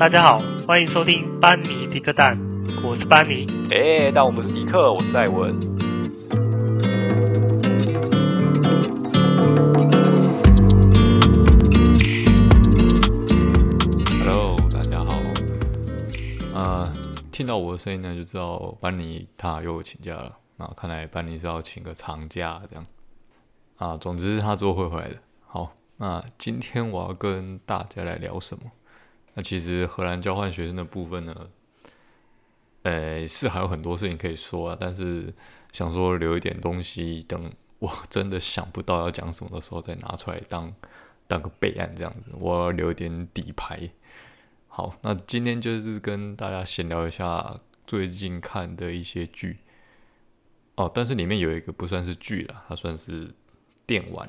大家好，歡迎收聽班尼迪克蛋，我是班尼。哎、欸，但我不是迪克，我是戴文。Hello，大家好。呃，聽到我的聲音呢，就知道班尼他又有請假了。那看來班尼是要請個長假這樣。啊，總之他總會回來的。好，那今天我要跟大家來聊什麼？其實荷蘭交換學生的部分呢，欸，是還有很多事情可以說啊，但是想說留一點東西，等我真的想不到要講什麼的時候再拿出來當當個備案這樣子，我要留一點底牌。好，那今天就是跟大家閒聊一下最近看的一些劇，哦，但是裡面有一個不算是劇啦，它算是電玩。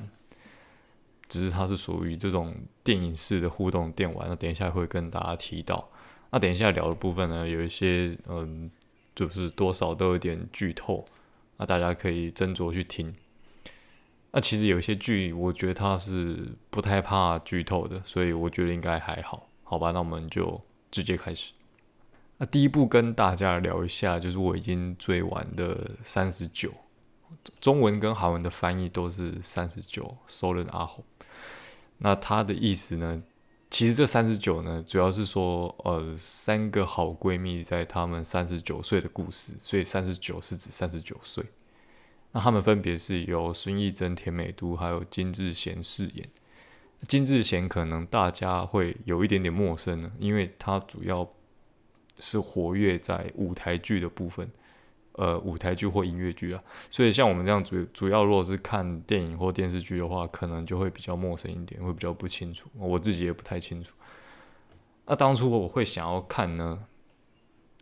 只是它是屬於這種電影式的互動電玩，那等一下會跟大家提到。那等一下聊的部分呢，有一些嗯，就是多少都有點劇透，那大家可以斟酌去聽。那其實有一些劇，我覺得它是不太怕劇透的，所以我覺得應該還好，好吧？那我們就直接開始。那第一部跟大家聊一下，就是我已經追完的《三十九》，中文跟韓文的翻譯都是 39,《三十九》Solen Ahho 那他的意思呢？其實這三十九呢，主要是說，呃，三個好閨蜜在她們三十九歲的故事，所以三十九是指三十九歲。那他們分別是由孫藝珍、田美都還有金智賢飾演。金智賢可能大家會有一點點陌生呢，因為她主要是活躍在舞台劇的部分。呃，舞臺劇或音樂劇啊,所以像我們這樣主主要，如果是看電影或電視劇的話,可能就會比較陌生一點，會比較不清楚。我自己也不太清楚。那、啊、當初我會想要看呢，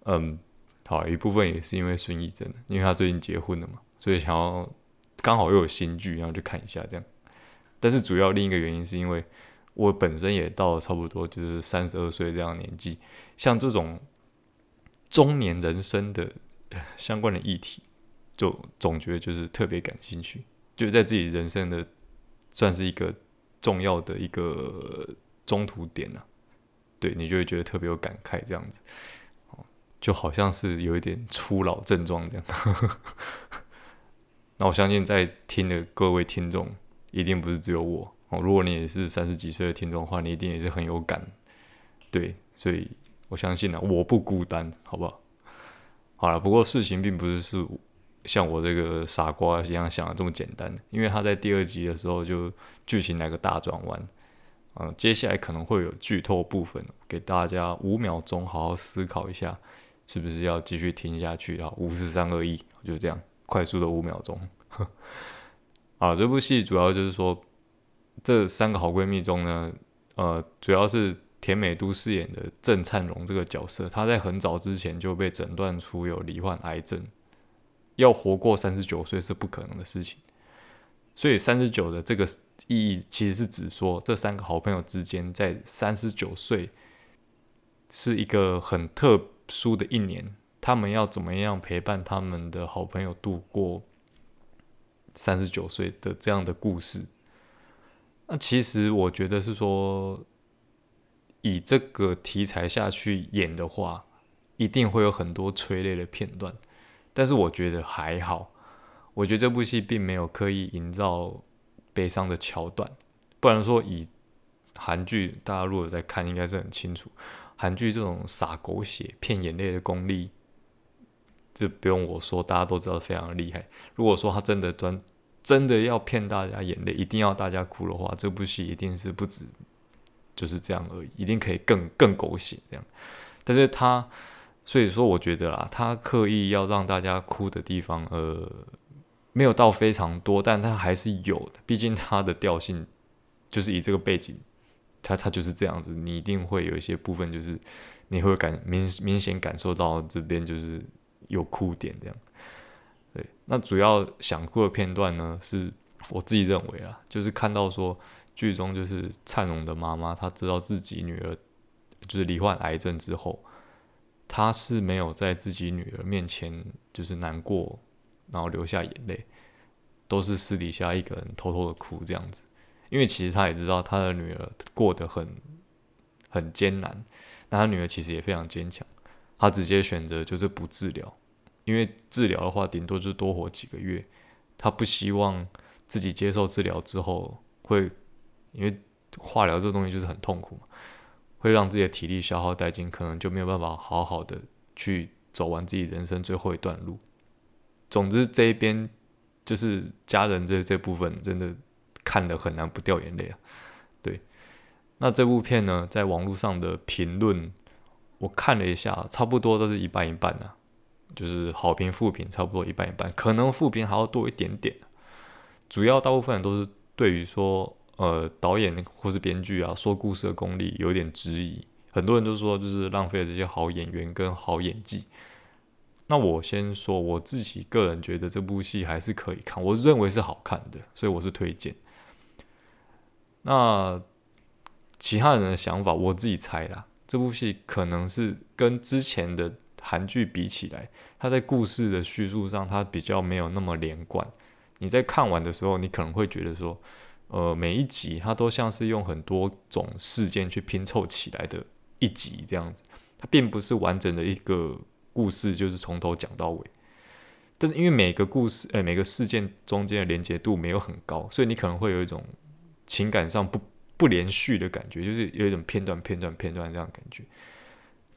嗯，好，一部分也是因為孫藝珍，因為她最近結婚了嘛，所以想要剛好又有新劇，然後去看一下這樣。但是主要另一個原因是因為我本身也到了差不多就是三十二歲這樣的年紀，像這種中年人生的，相關的議題，就總覺得就是特別感興趣，就在自己人生的算是一個重要的一個中途點啊，對，你就會覺得特別有感慨，這樣子，就好像是有一點初老症狀這樣。 那我相信在聽的各位聽眾，一定不是只有我哦。如果你也是三十幾歲的聽眾的話，你一定也是很有感，對，所以我相信啊，我不孤單，好不好？好了，不過事情並不是是像我這個傻瓜一樣想的這麼簡單的，因為他在第二集的時候就劇情來個大轉彎，嗯、呃，接下來可能會有劇透部分，給大家五秒鐘好好思考一下，是不是要繼續聽下去啊？五四三二一就這樣，快速的五秒鐘。啊，這部戲主要就是說，這三個好閨蜜中呢，呃，主要是。田美都飾演的鄭燦榮這個角色，他在很早之前就被診斷出有罹患癌症，要活過三十九歲是不可能的事情。所以三十九的這個意義，其實是指說，這三個好朋友之間，在三十九歲是一個很特殊的一年，他們要怎麼樣陪伴他們的好朋友度過三十九歲的這樣的故事。那、啊、其實我覺得是說。以這個題材下去演的話，一定會有很多催淚的片段，但是我覺得還好，我覺得這部戲並沒有刻意營造悲傷的橋段，不然說以韓劇，大家如果在看，應該是很清楚，韓劇這種撒狗血、騙眼淚的功力，這不用我說，大家都知道非常厲害。如果說他真的專真的要騙大家眼淚，一定要大家哭的話，這部戲一定是不止。就是這樣而已，一定可以更更狗血這樣。但是他，所以說我覺得啦，他刻意要讓大家哭的地方，呃，沒有到非常多，但他還是有的。畢竟他的調性就是以這個背景，他他就是這樣子，你一定會有一些部分，就是你會感明明顯感受到這邊就是有哭點這樣。對，那主要想哭的片段呢，是我自己認為啊，就是看到說。劇中就是燦榮的媽媽，她知道自己女兒就是罹患癌症之後，她是沒有在自己女兒面前就是難過，然後流下眼淚，都是私底下一個人偷偷的哭這樣子。因為其實她也知道她的女兒過得很很艱難，那她女兒其實也非常堅強，她直接選擇就是不治療，因為治療的話頂多就多活幾個月，她不希望自己接受治療之後會。因為化療這個東西就是很痛苦嘛，會讓自己的體力消耗殆盡，可能就沒有辦法好好的去走完自己人生最後一段路。總之這一邊就是家人這這部分真的看得很難不掉眼淚啊。對，那這部片呢，在網絡上的評論我看了一下，差不多都是一半一半吶、啊，就是好評、負評差不多一半一半，可能負評還要多一點點。主要大部分人都是對於說。呃，導演或是編劇啊，說故事的功力有點質疑，很多人都說就是浪費了這些好演員跟好演技。那我先說我自己個人覺得這部戲還是可以看，我認為是好看的，所以我是推薦。那其他人的想法，我自己猜啦。這部戲可能是跟之前的韓劇比起來，它在故事的敘述上，它比較沒有那麼連貫。你在看完的時候，你可能會覺得說，呃，每一集它都像是用很多種事件去拼湊起來的一集這樣子，它並不是完整的一個故事，就是從頭講到尾。但是因為每個故事，欸、每個事件中間的連接度沒有很高，所以你可能會有一種情感上不不連續的感覺，就是有一種片段、片段、片段這樣的感覺。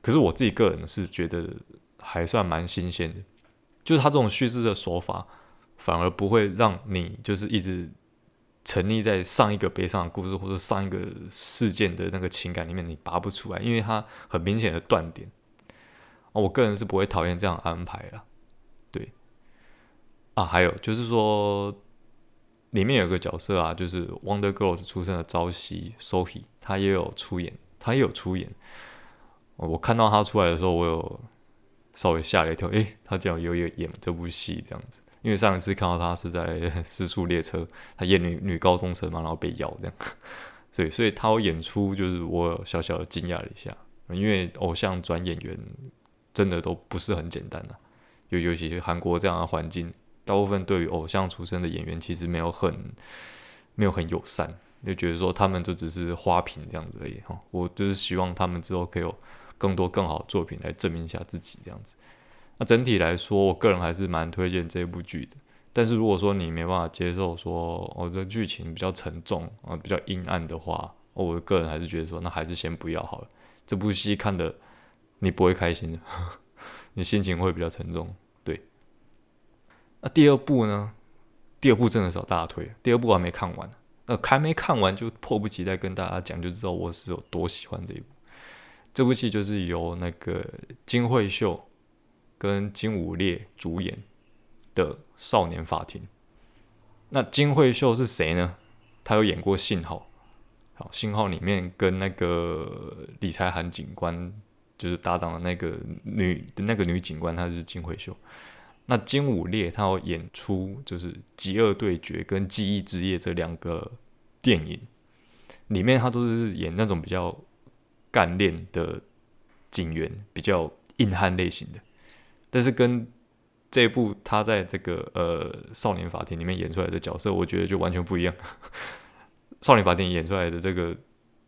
可是我自己個人是覺得還算蠻新鮮的，就是他這種敘事的手法，反而不會讓你就是一直。沉溺在上一個悲傷的故事或者上一個事件的那個情感裡面，你拔不出來，因為它很明顯的斷點、哦。我個人是不會討厭這樣的安排了，對。啊，還有就是說，裡面有個角色啊，就是《Wonder Girls》出身的朝夕 Sohee，他也有出演，他也有出演。哦、我看到他出來的時候，我有稍微嚇了一跳，誒、欸，他竟然也有演這部戲這樣子。因為上一次看到他是在《屍速列車》，他演女女高中生嘛，然後被咬這樣，所以所以他演出，就是我有小小的驚訝了一下，因為偶像轉演員真的都不是很簡單的、啊，尤尤其韓國這樣的環境，大部分對於偶像出身的演員其實沒有很沒有很友善，就覺得說他們就只是花瓶這樣子而已、哦、我就是希望他們之後可以有更多更好的作品來證明一下自己這樣子。那、啊、整體來說，我個人還是蠻推薦這部劇的。但是如果說你沒辦法接受說我的劇情比較沉重啊，比較陰暗的話，我個人還是覺得說，那還是先不要好了。這部戲看得你不會開心的呵呵，你心情會比較沉重。對，那、啊、第二部呢？第二部真的是大家推。第二部還沒看完，呃、啊，還沒看完就迫不及待跟大家講，就知道我是有多喜歡這一部。這部戲就是由那個金惠秀，跟金武烈主演的《少年法庭》，那金惠秀是誰呢？她有演過《信號》。好，《信號》裡面跟那個李才涵警官就是搭檔的那個女的那個女警官，她是金惠秀。那金武烈他有演出，就是《極惡對決》跟《記憶之夜》這兩個電影，裡面他都是演那種比較幹練的警員，比較硬漢類型的。但是跟這部他在這個呃《少年法庭》裡面演出來的角色，我覺得就完全不一樣， 《少年法庭》演出來的這個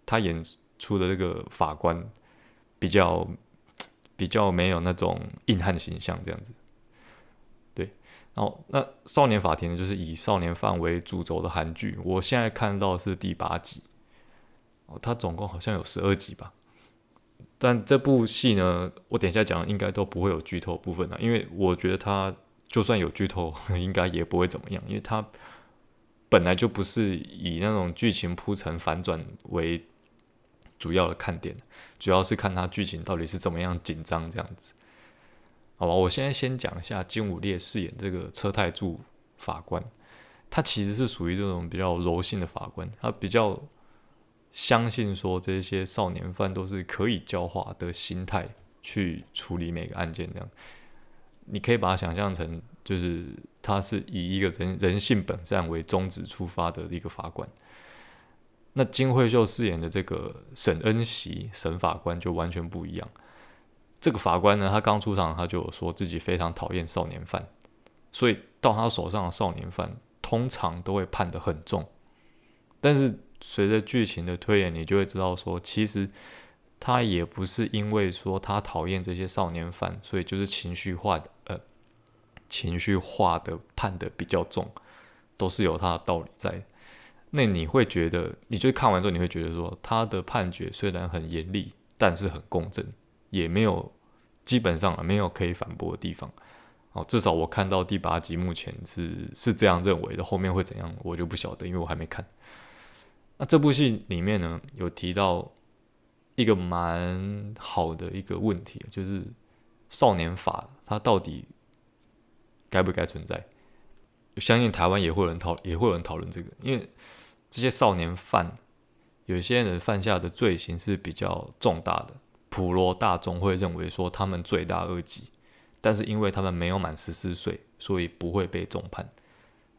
他演出的這個法官比較比較沒有那種硬漢形象，這樣子。對，然後那《少年法庭》呢，就是以少年犯為主軸的韓劇，我現在看到是第八集，哦，它總共好像有十二集吧。但這部戲呢，我等一下講應該都不會有劇透部分了啊，因為我覺得它就算有劇透，應該也不會怎麼樣，因為它本來就不是以那種劇情鋪陳反轉為主要的看點，主要是看它劇情到底是怎麼樣緊張這樣子。好吧，我現在先講一下金武烈飾演這個車太柱法官，他其實是屬於這種比較柔性的法官，他比較。相信說這些少年犯都是可以教化的心態去處理每個案件。這樣你可以把它想象成，就是他是以一個人人性本善為宗旨出發的一個法官。那金惠秀飾演的這個沈恩錫沈法官就完全不一樣。這個法官呢，他剛出場，他就有說自己非常討厭少年犯，所以到他手上的少年犯通常都會判得很重，但是。隨着劇情的推演，你就會知道說，其實他也不是因為說他討厭這些少年犯，所以就是情緒化的，呃，情緒化的判得比較重，都是有他的道理在。那你會覺得，你就看完之後，你會覺得說，他的判決雖然很嚴厲，但是很公正，也沒有基本上沒有可以反駁的地方。哦，至少我看到第八集，目前是是這樣認為的。後面會怎樣，我就不曉得，因為我還沒看。那、啊、這部戲裡面呢，有提到一個蠻好的一個問題，就是少年法它到底該不該存在？相信台灣也會有人討，也會有人討論這個，因為這些少年犯，有些人犯下的罪行是比較重大的，普羅大眾會認為說他們罪大惡極，但是因為他們沒有滿十四歲，所以不會被重判。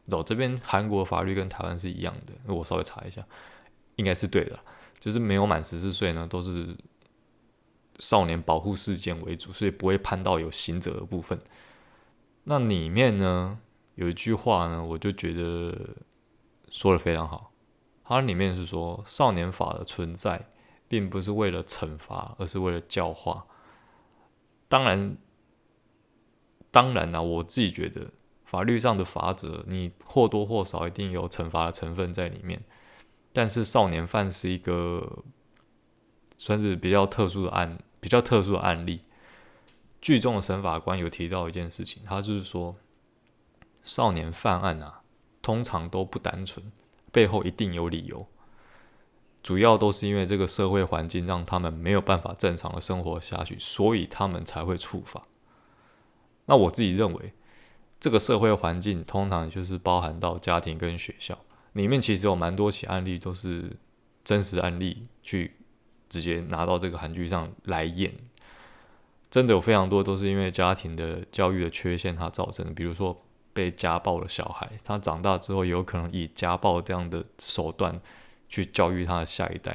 走這邊，韓國法律跟台灣是一樣的。我稍微查一下，應該是對的。就是沒有滿十四歲呢，都是少年保護事件為主，所以不會判到有刑責的部分。那裡面呢，有一句話呢，我就覺得說得非常好。它裡面是說，少年法的存在並不是為了懲罰，而是為了教化。當然，當然呢、啊，我自己覺得。法律上的法則，你或多或少一定有懲罰的成分在裡面。但是少年犯是一個算是比較特殊的案，比較特殊的案例。劇中的審法官有提到一件事情，他就是說，少年犯案啊，通常都不單純，背後一定有理由，主要都是因為這個社會環境讓他們沒有辦法正常的生活下去，所以他們才會觸法。那我自己認為。這個社會環境通常就是包含到家庭跟學校裡面，其實有蠻多起案例都是真實案例，去直接拿到這個韓劇上來演。真的有非常多都是因為家庭的教育的缺陷它造成的，比如說被家暴的小孩，他長大之後有可能以家暴這樣的手段去教育他的下一代，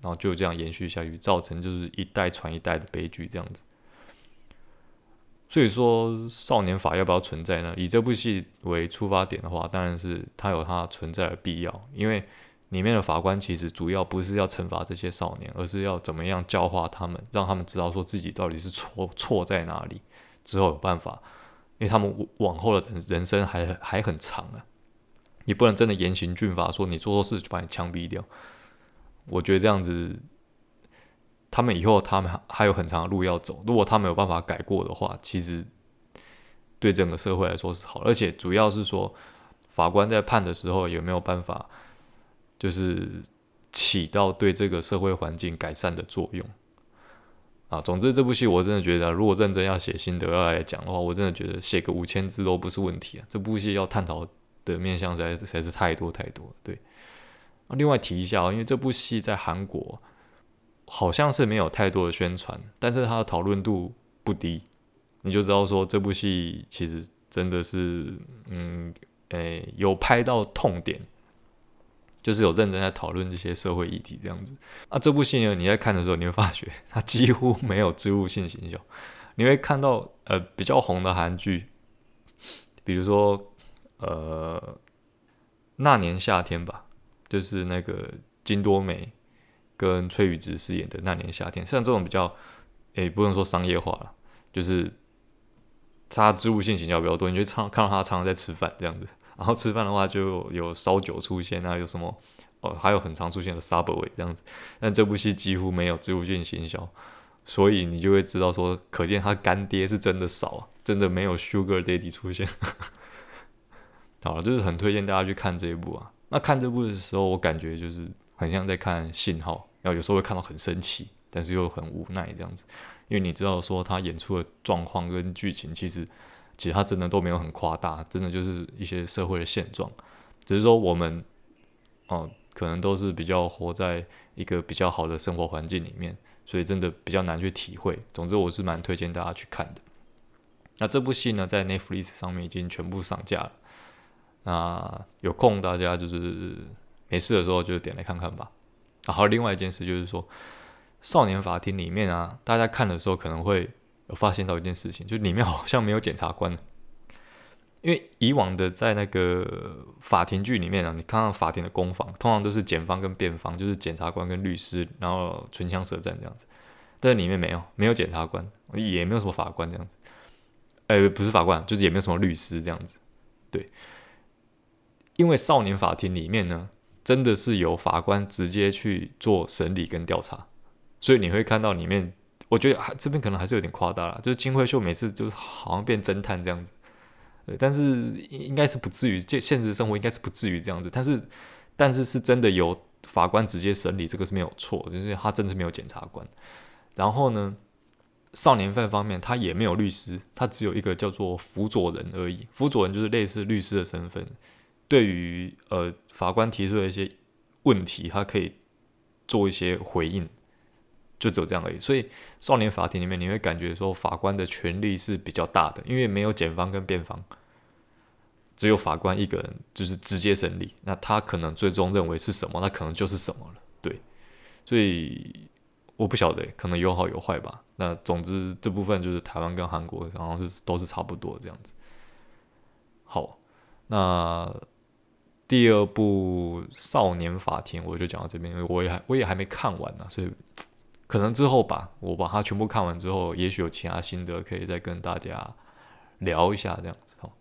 然後就這樣延續下去，造成就是一代傳一代的悲劇這樣子。所以說，少年法要不要存在呢？以這部戲為出發點的話，當然是它有它存在的必要。因為裡面的法官其實主要不是要懲罰這些少年，而是要怎麼樣教化他們，讓他們知道說自己到底是錯錯在哪裡，之後有辦法。因為他們往後的人生還還很長啊，你不能真的嚴刑峻法說，說你做錯事就把你槍斃掉。我覺得這樣子。他們以後他們還有很長的路要走，如果他沒有辦法改過的話，其實對整個社會來說是好，而且主要是說法官在判的時候有沒有辦法，就是起到對這個社會環境改善的作用啊。總之，這部戲我真的覺得，如果認真要寫心得要來講的話，我真的覺得寫個五千字都不是問題啊。這部戲要探討的面向實在是實在是太多太多。對啊，另外提一下哦，因為這部戲在韓國。好像是沒有太多的宣傳，但是它的討論度不低，你就知道說這部戲其實真的是，嗯，誒、欸，有拍到痛點，就是有認真在討論這些社會議題這樣子。啊，這部戲呢，你在看的時候，你會發覺它幾乎沒有置入性行銷，你會看到呃比較紅的韓劇，比如說呃那年夏天吧，就是那個金多美。跟崔宇植飾演的那年夏天，像這種比較，哎、欸，不能說商業化了，就是他置入性行銷比較多。你就常看到他常常在吃飯這樣子，然後吃飯的話就有燒酒出現啊，有什麼哦，還有很常出現的 subway 這樣子。但這部戲幾乎沒有置入性行銷，所以你就會知道說，可見他乾爹是真的少，真的沒有 sugar daddy 出現。 好了，就是很推薦大家去看這一部啊。那看這部的時候，我感覺就是。很像在看信號，然後有時候會看到很生氣，但是又很無奈這樣子，因為你知道說他演出的狀況跟劇情，其實其實他真的都沒有很誇大，真的就是一些社會的現狀，只是說我們哦、呃，可能都是比較活在一個比較好的生活環境裡面，所以真的比較難去體會。總之，我是蠻推薦大家去看的。那這部戲呢，在 Netflix 上面已經全部上架了，那有空大家就是。沒事的時候就點來看看吧。然後另外一件事就是說，《少年法庭》裡面啊，大家看的時候可能會有發現到一件事情，就裡面好像沒有檢察官。因為以往的在那個法庭劇裡面啊，你看到法庭的攻防，通常都是檢方跟辯方，就是檢察官跟律師，然後唇槍舌戰這樣子。但是裡面沒有，沒有檢察官，也沒有什麼法官這樣子。呃，不是法官，就是也沒有什麼律師這樣子。對，因為少年法庭裡面呢。真的是由法官直接去做審理跟調查，所以你會看到裡面，我覺得還這邊可能還是有點誇大了，就是金惠秀每次就是好像變偵探這樣子，但是應該是不至於，這現實生活應該是不至於這樣子，但是但是是真的由法官直接審理，這個是沒有錯，就是他真的沒有檢察官。然後呢，少年犯方面他也沒有律師，他只有一個叫做輔佐人而已，輔佐人就是類似律師的身份。對於呃法官提出的一些問題，他可以做一些回應，就只有這樣而已。所以少年法庭裡面，你會感覺說法官的權力是比較大的，因為沒有檢方跟辯方，只有法官一個人，就是直接審理。那他可能最終認為是什麼，那可能就是什麼了。對，所以我不曉得，可能有好有壞吧。那總之這部分就是台灣跟韓國，然後是都是差不多這樣子。好，那。第二部《少年法庭》，我就講到這邊，因為我也還我也還沒看完呢、啊，所以可能之後吧，我把它全部看完之後，也許有其他心得可以再跟大家聊一下，這樣子好。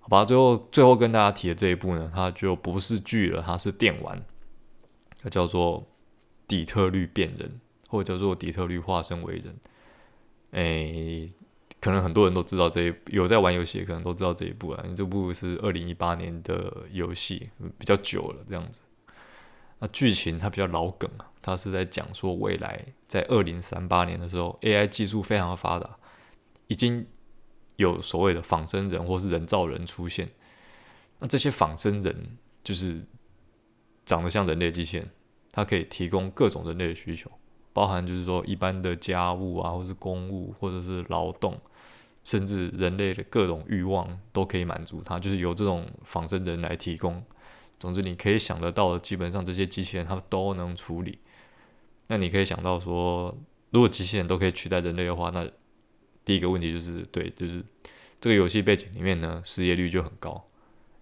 好吧，最後最後跟大家提的這一部呢，它就不是劇了，它是電玩，它叫做《底特律變人》，或者叫做《底特律化身為人》欸，誒。可能很多人都知道這一有在玩遊戲的，可能都知道這一部啊。這部是二零一八年的遊戲，比較久了這樣子。那劇情它比較老梗啊，它是在講說未來在二零三八年的時候，AI 技術非常的發達，已經有所謂的仿生人或是人造人出現。那這些仿生人就是長得像人類機器人，它可以提供各種人類的需求。包含就是說一般的家務啊，或者是公務，或者是勞動，甚至人類的各種慾望都可以滿足它。它就是由這種仿生人來提供。總之，你可以想得到的，基本上這些機器人它都能處理。那你可以想到說，如果機器人都可以取代人類的話，那第一個問題就是，對，就是這個遊戲背景裡面呢，失業率就很高，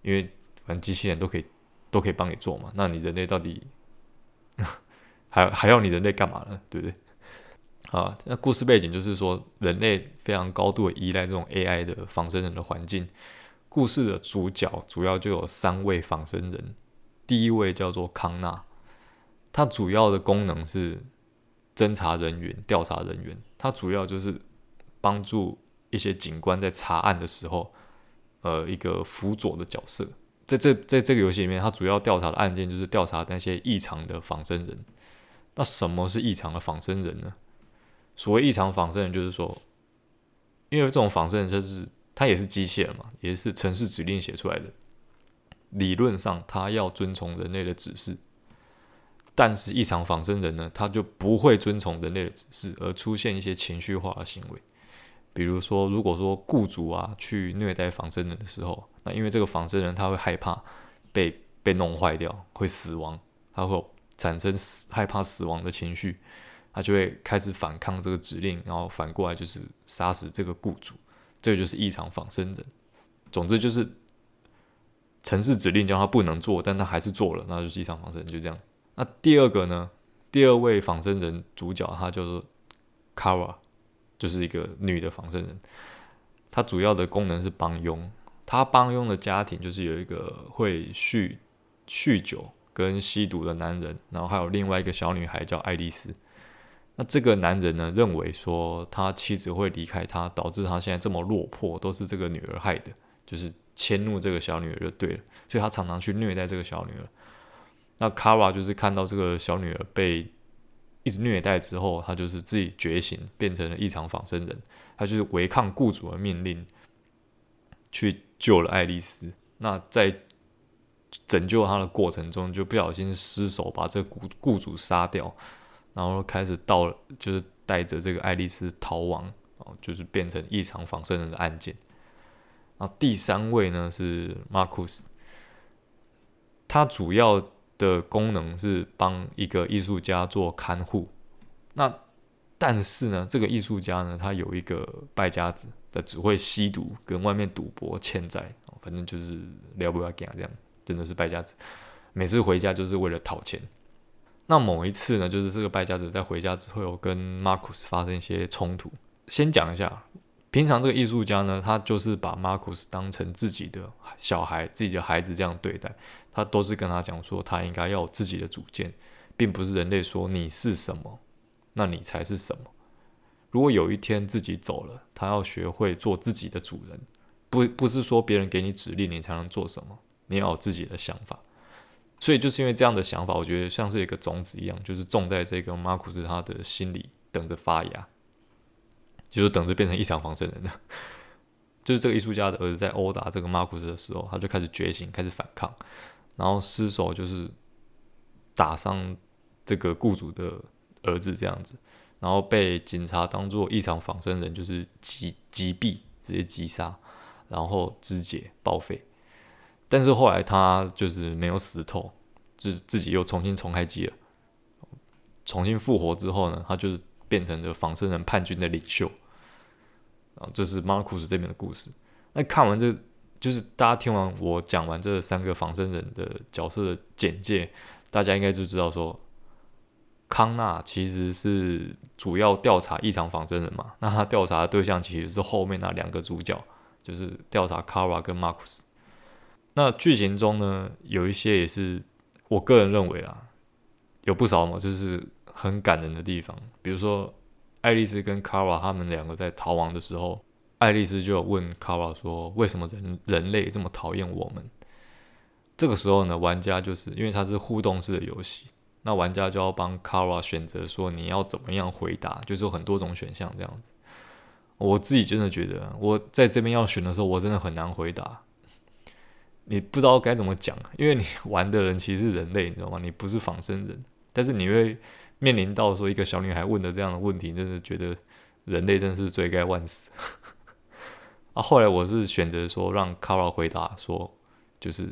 因為反正機器人都可以都可以幫你做嘛。那你人類到底？還還要你人類幹嘛呢？對不對？啊，那故事背景就是說，人類非常高度依賴這種 AI 的仿生人的環境。故事的主角主要就有三位仿生人，第一位叫做康納，他主要的功能是偵查人員、調查人員，他主要就是幫助一些警官在查案的時候，呃，一個輔佐的角色。在這在這個遊戲裡面，他主要調查的案件就是調查那些異常的仿生人。那什麼是異常的仿生人呢？所謂異常仿生人，就是說，因為這種仿生人就是他也是機械人嘛，也是程式指令寫出來的，理論上他要遵從人類的指示，但是異常仿生人呢，他就不會遵從人類的指示，而出現一些情緒化的行為。比如說，如果說雇主啊去虐待仿生人的時候，那因為這個仿生人他會害怕被被弄壞掉，會死亡，他會有。產生死害怕死亡的情緒，他就會開始反抗這個指令，然後反過來就是殺死這個雇主，這個、就是異常仿生人。總之就是，城市指令叫他不能做，但他還是做了，那就是異常仿生人，就這樣。那第二個呢？第二位仿生人主角他叫做 Kara，就是一個女的仿生人。她主要的功能是幫傭，她幫傭的家庭就是有一個會酗酗酒跟吸毒的男人，然後還有另外一個小女孩叫愛麗絲。那這個男人呢，認為說他妻子會離開他，導致他現在這麼落魄，都是這個女兒害的，就是遷怒這個小女兒就對了。所以他常常去虐待這個小女兒。那卡拉就是看到這個小女兒被一直虐待之後，他就是自己覺醒，變成了異常仿生人，他就是違抗雇主的命令，去救了愛麗絲。那在拯救他的過程中，就不小心失手把這個雇雇主殺掉，然後開始到就是帶着這個愛麗絲逃亡，哦，就是變成異常仿生人的案件。然後第三位呢是 Marcus，他主要的功能是幫一個藝術家做看護。那但是呢，這個藝術家呢，他有一個敗家子，他只會吸毒，跟外面賭博欠債，反正就是了不拉幾這樣。真的是敗家子，每次回家就是為了討錢。那某一次呢，就是這個敗家子在回家之後，有跟 Marcus 發生一些衝突。先講一下，平常這個藝術家呢，他就是把 Marcus 當成自己的小孩，自己的孩子這樣對待。他都是跟他講說，他應該要有自己的主見，並不是人類說你是什麼，那你才是什麼。如果有一天自己走了，他要學會做自己的主人，不不是說別人給你指令，你才能做什麼。你要有自己的想法，所以就是因為這樣的想法，我覺得像是一個種子一樣，就是種在這個馬庫斯他的心裡，等着發芽，就是等着變成異常仿生人呢。 就是這個藝術家的兒子在毆打這個馬庫斯的時候，他就開始覺醒，開始反抗，然後失手就是打傷這個雇主的兒子這樣子，然後被警察當做異常仿生人，就是擊擊斃，直接擊殺，然後肢解報廢。但是後來他就是沒有死透，自自己又重新重開機了，重新復活之後呢，他就是變成了仿生人叛軍的領袖。啊，就是、這是 Marcus 這邊的故事。那看完這就是大家聽完我講完這三個仿生人的角色的簡介，大家應該就知道說，康納其實是主要調查異常仿生人嘛。那他調查的對象其實是後面那兩個主角，就是調查 Kara 跟 Marcus。那劇情中呢，有一些也是我個人認為啊，有不少嘛，就是很感人的地方。比如說，愛麗絲跟卡拉他們兩個在逃亡的時候，愛麗絲就有問卡拉說：“為什麼人人類這麼討厭我們？”這個時候呢，玩家就是因為它是互動式的遊戲，那玩家就要幫卡拉選擇說你要怎麼樣回答，就是有很多種選項這樣子。我自己真的覺得，我在這邊要選的時候，我真的很難回答。你不知道該怎麼講，因為你玩的人其實是人類，你知道嗎？你不是仿生人，但是你會面臨到說一個小女孩問的這樣的問題，就是覺得人類真是罪該萬死。 啊，後來我是選擇說讓卡菈回答說，就是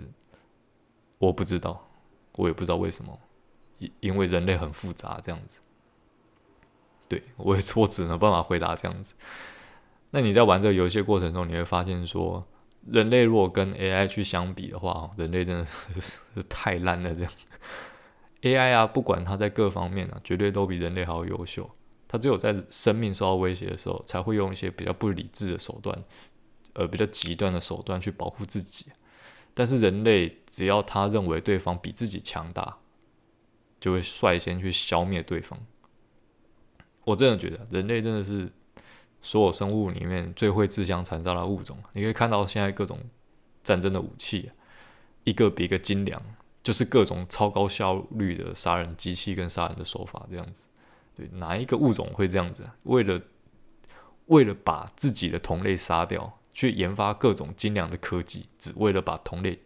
我不知道，我也不知道為什麼，因因為人類很複雜這樣子。對，我也，我只能辦法回答這樣子。那你在玩這個遊戲的過程中，你會發現說。人類如果跟 AI 去相比的話，人類真的是， 是太爛了。這樣 AI 啊，不管它在各方面啊，絕對都比人類還要優秀。它只有在生命受到威脅的時候，才會用一些比較不理智的手段，呃，比較極端的手段去保護自己。但是人類，只要他認為對方比自己強大，就會率先去消滅對方。我真的覺得人類真的是。所有生物裡面最會自相殘殺的物種，你可以看到現在各種戰爭的武器，一個比一個精良，就是各種超高效率的殺人機器跟殺人的手法這樣子。對，哪一個物種會這樣子？為了為了把自己的同類殺掉，去研發各種精良的科技，只為了把同類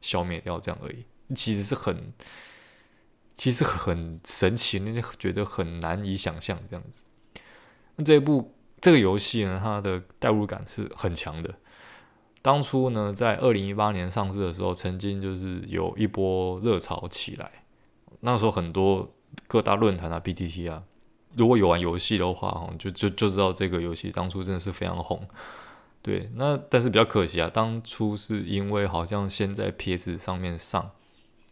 消滅掉，這樣而已。其實是很其實很神奇，那就覺得很難以想象這樣子。那這一部。這個遊戲呢，它的代入感是很強的。當初呢，在二零一八年上市的時候，曾經就是有一波熱潮起來。那時候很多各大論壇啊、BTT 啊，如果有玩遊戲的話，就就就知道這個遊戲當初真的是非常紅。對，那但是比較可惜啊，當初是因為好像先在 PS 上面上。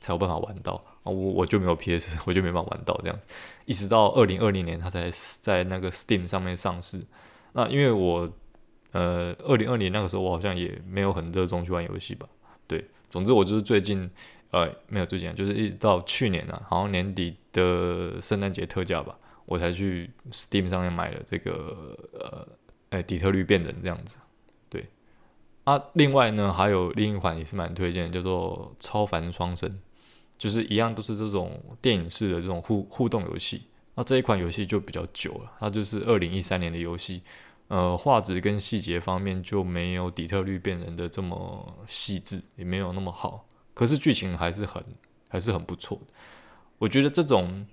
才有辦法玩到啊！我我就沒有 PS，我就沒辦法玩到這樣，一直到二零二零年，它才在那個 Steam 上面上市。那因為我呃，二零二零年那個時候，我好像也沒有很熱衷去玩遊戲吧。對，總之我就是最近呃，沒有最近，就是一直到去年啊，好像年底的聖誕節特價吧，我才去 Steam 上面買了這個呃，哎，底特律變人這樣子。對，啊，另外呢，還有另一款也是蠻推薦的，叫做超凡雙生。就是一樣，都是這種電影式的這種互互動遊戲。那這一款遊戲就比較久了，它就是二零一三年的遊戲。呃，畫質跟細節方面就沒有《底特律變人》的這麼細緻，也沒有那麼好。可是劇情還是很還是很不錯的。我覺得這種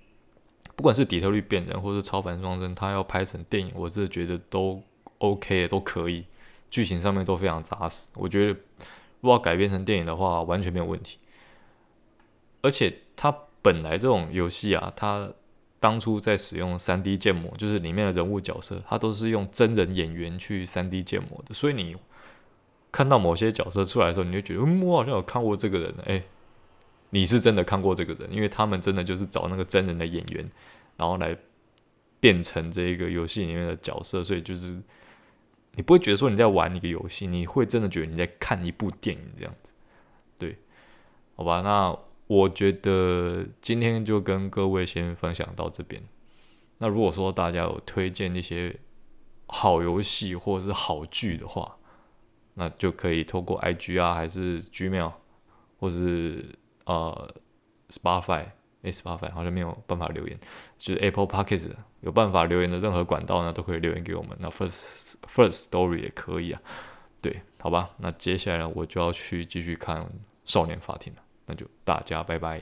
不管是《底特律變人》或是《超凡雙生》，它要拍成電影，我是覺得都 OK 的，都可以。劇情上面都非常扎實，我覺得如果要改編成電影的話，完全沒有問題。而且它本來這種遊戲啊，它當初在使用三 D 建模，就是裡面的人物角色，它都是用真人演員去三 D 建模的。所以你看到某些角色出來的時候，你就覺得嗯，我好像有看過這個人，哎、欸，你是真的看過這個人，因為他們真的就是找那個真人的演員，然後來變成這個遊戲裡面的角色。所以就是你不會覺得說你在玩一個遊戲，你會真的覺得你在看一部電影這樣子。對，好吧，那。我覺得今天就跟各位先分享到這邊。那如果說大家有推薦一些好遊戲或者是好劇的話，那就可以透過 IG 啊，還是 Gmail，或是呃 Spotify，哎、欸、Spotify 好像沒有辦法留言，就是 Apple Podcast 有辦法留言的任何管道呢，都可以留言給我們。那 First First Story 也可以啊。對，好吧，那接下來呢，我就要去繼續看《少年法庭》了。那就大家拜拜。